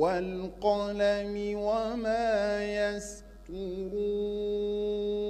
والقلم وما يسطرون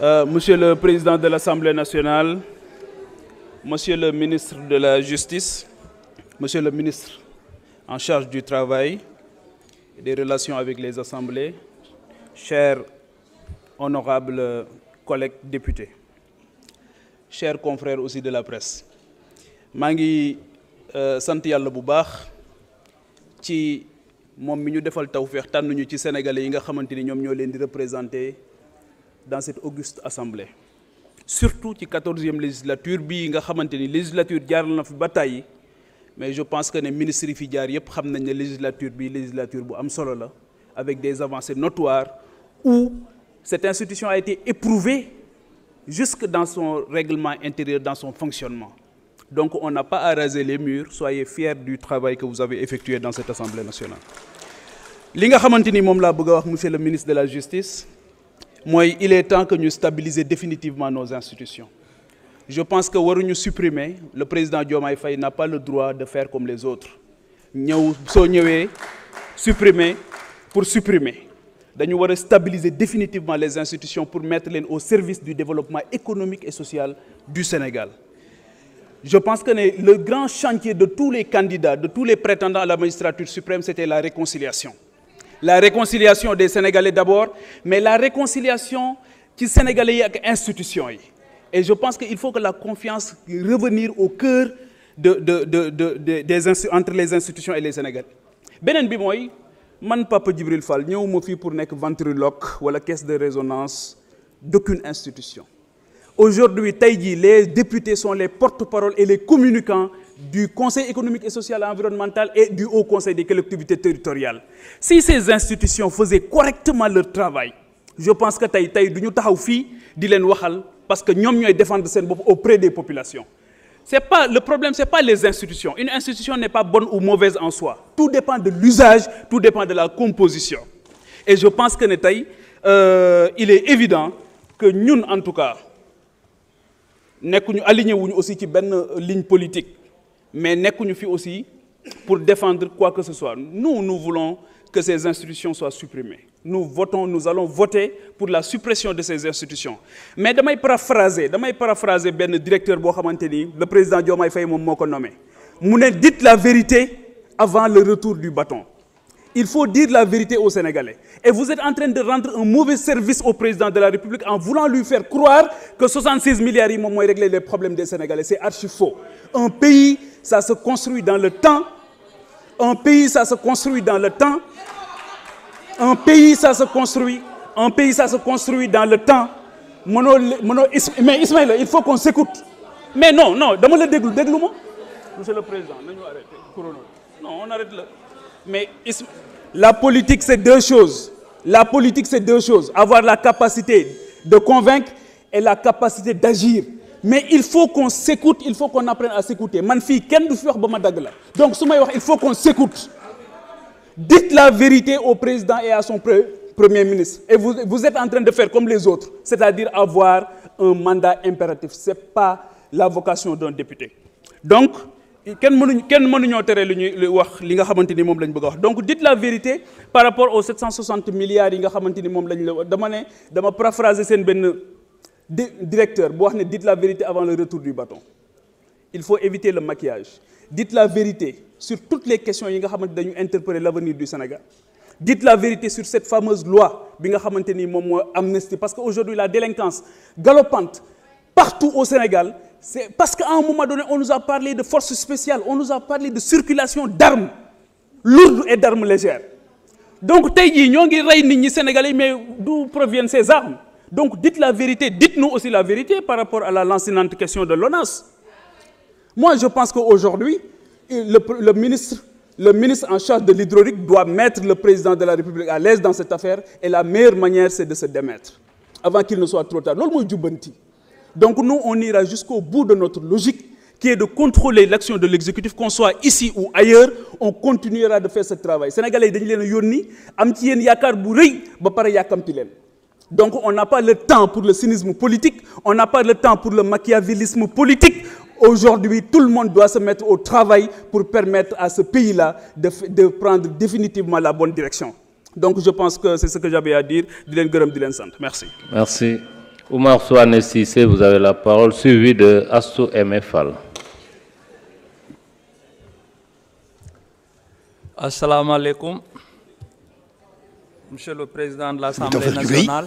Euh, Monsieur le Président de l'Assemblée nationale, Monsieur le ministre de la Justice, Monsieur le ministre en charge du travail des relations avec les assemblées, chers honorables collègues député chers confrères aussi de la presse maa ngi euh, sant yàlla bu baax moom mi ñu defal taw tawféex tànnuñu ci sénégalais yi nga xamante ni ñoom ñoo leen di représenter dans cette auguste assemblée. surtout ci quatorzième législature bii nga xamante ni législature jaar na fi ba tàyyi mais je pense que ne ministre yi fi jaar yëpp xam nañ ne législature bi législature bu am solo la avec des avancées notoires où cette institution a été éprouvée jusque dans son règlement intérieur dans son fonctionnement Donc on n'a pas à raser les murs. Soyez fiers du travail que vous avez effectué dans cette Assemblée nationale. li nga xamante ni moom laa bëgg a wax monsieur le ministre de la justice mooy il est temps que ñu stabiliser définitivement nos institutions je pense que waruñu supprimer le président Diomaye Faye n'a pas le droit de faire comme les autres ñëw soo ñëwee supprimer pour supprimer dañu war a stabiliser définitivement les institutions pour mettre leen au service du développement économique et social du Sénégal je pense que le grand chantier de tous les candidats, de tous les prétendants à la magistrature suprême, c'était la réconciliation. La réconciliation des Sénégalais d'abord, mais la réconciliation qui Sénégalais avec institutions. Et je pense qu'il faut que la confiance revenir au cœur de, de, de, des, entre les institutions et les Sénégalais. Benen bi moy man Papa Djibril Fall ñew mo fi pour nek ventriloque wala caisse de résonance d'aucune institution. Aujourd'hui, Taïdi, les députés sont les porte-parole et les communicants du Conseil économique et social et environnemental et du Haut Conseil des collectivités territoriales. Si ces institutions faisaient correctement leur travail, je pense que Taïdi, Taïdi, nous avons waxal parce que nous devons défendre cette auprès des populations. Pas, le problème, ce n'est pas les institutions. Une institution n'est pas bonne ou mauvaise en soi. Tout dépend de l'usage, tout dépend de je pense que Netaï, euh, il est évident que en tout cas, nekkuñu aligné wuñu aussi ci benn euh, ligne politique mais nekkuñu fi aussi pour défendre quoi que ce soit nous nous voulons que ces institutions soient supprimées nous votons nous allons voter pour la suppression de ces institutions mais damay paraphraser damay paraphraser benn directeur boo xamante ni le président Diomaye Faye moom moo ko nommé mu ne dites la vérité avant le retour du bâton Il faut dire la vérité au président de la République en voulant lui faire croire que 66 milliards ils vont régler les problèmes des Sénégalais. C'est archi faux. Un le temps. Un pays, ça se construit dans le temps. Un pays, ça se construit. Un pays, ça se construit dans le temps. Mono, mono, mais Ismaël, il faut qu'on s'écoute. Mais non, non, demande le déglou, déglou Monsieur le Président, nous arrêtons. Non, on mais la politique, c'est deux choses. La politique, c'est deux choses. Avoir la capacité de convaincre et la capacité d'agir. Mais il faut qu'on s'écoute, il faut qu'on apprenne à s'écouter. Manfi, ken du Donc, il faut qu'on s'écoute. Dites la vérité au président et à son premier ministre. Et vous, vous êtes en train de faire comme les autres, c'est-à-dire avoir un mandat impératif. Ce pas la vocation d'un député. Donc, kenn mënuñ kenn mënuñoo tere lu ñuy wax li nga xamante ni moom lañ bëgg a wax donc dites la vérité par rapport aux 760 milliards yi nga xamante ni moom lañ la dama ne dama paraphraser seen benn directeur bu wax ne dites la vérité avant le retour du bâton il faut éviter le maquillage dites la vérité sur toutes les questions yi nga xamante dañu interpeller l'avenir du Sénégal dites la vérité sur cette fameuse loi bi nga xamante ni moom moo amnistie parce que aujourd'hui la délinquance galopante partout au Sénégal C'est parce qu'à un moment donné, on nous a parlé de forces spéciales, on nous a parlé de circulation d'armes lourdes et d'armes légères. Donc, aujourd'hui, nous avons les Sénégalais, mais d'où proviennent ces armes Donc, dites la vérité, dites-nous aussi la vérité par rapport à la lancinante question de l'ONAS. Moi, je pense qu'aujourd'hui, le, le, ministre, le ministre en charge de l'hydraulique doit mettre le président de la République à l'aise dans cette affaire, et la meilleure manière, c'est de se démettre, Donc nous, on ira jusqu'au bout de notre logique qui est de contrôler l'action de l'exécutif, qu'on soit ici ou ailleurs, on continuera de faire ce travail. Sénégalais, dañu leen a yónni am ci yéen yaakaar bu rëy ba pare yàkkamti leen donc on n'a pas le temps pour le cynisme politique on n'a pas le temps pour le machiavélisme politique aujourd'hui tout le monde doit se mettre au travail pour permettre à ce pays-là de de prendre définitivement la bonne direction donc je pense que c'est ce di leen gërëm di leen sant merci. Oumar Souane Sissé, vous avez la parole, suivi de Astou MFAL. Assalamu alaikum. Monsieur le Président de l'Assemblée nationale.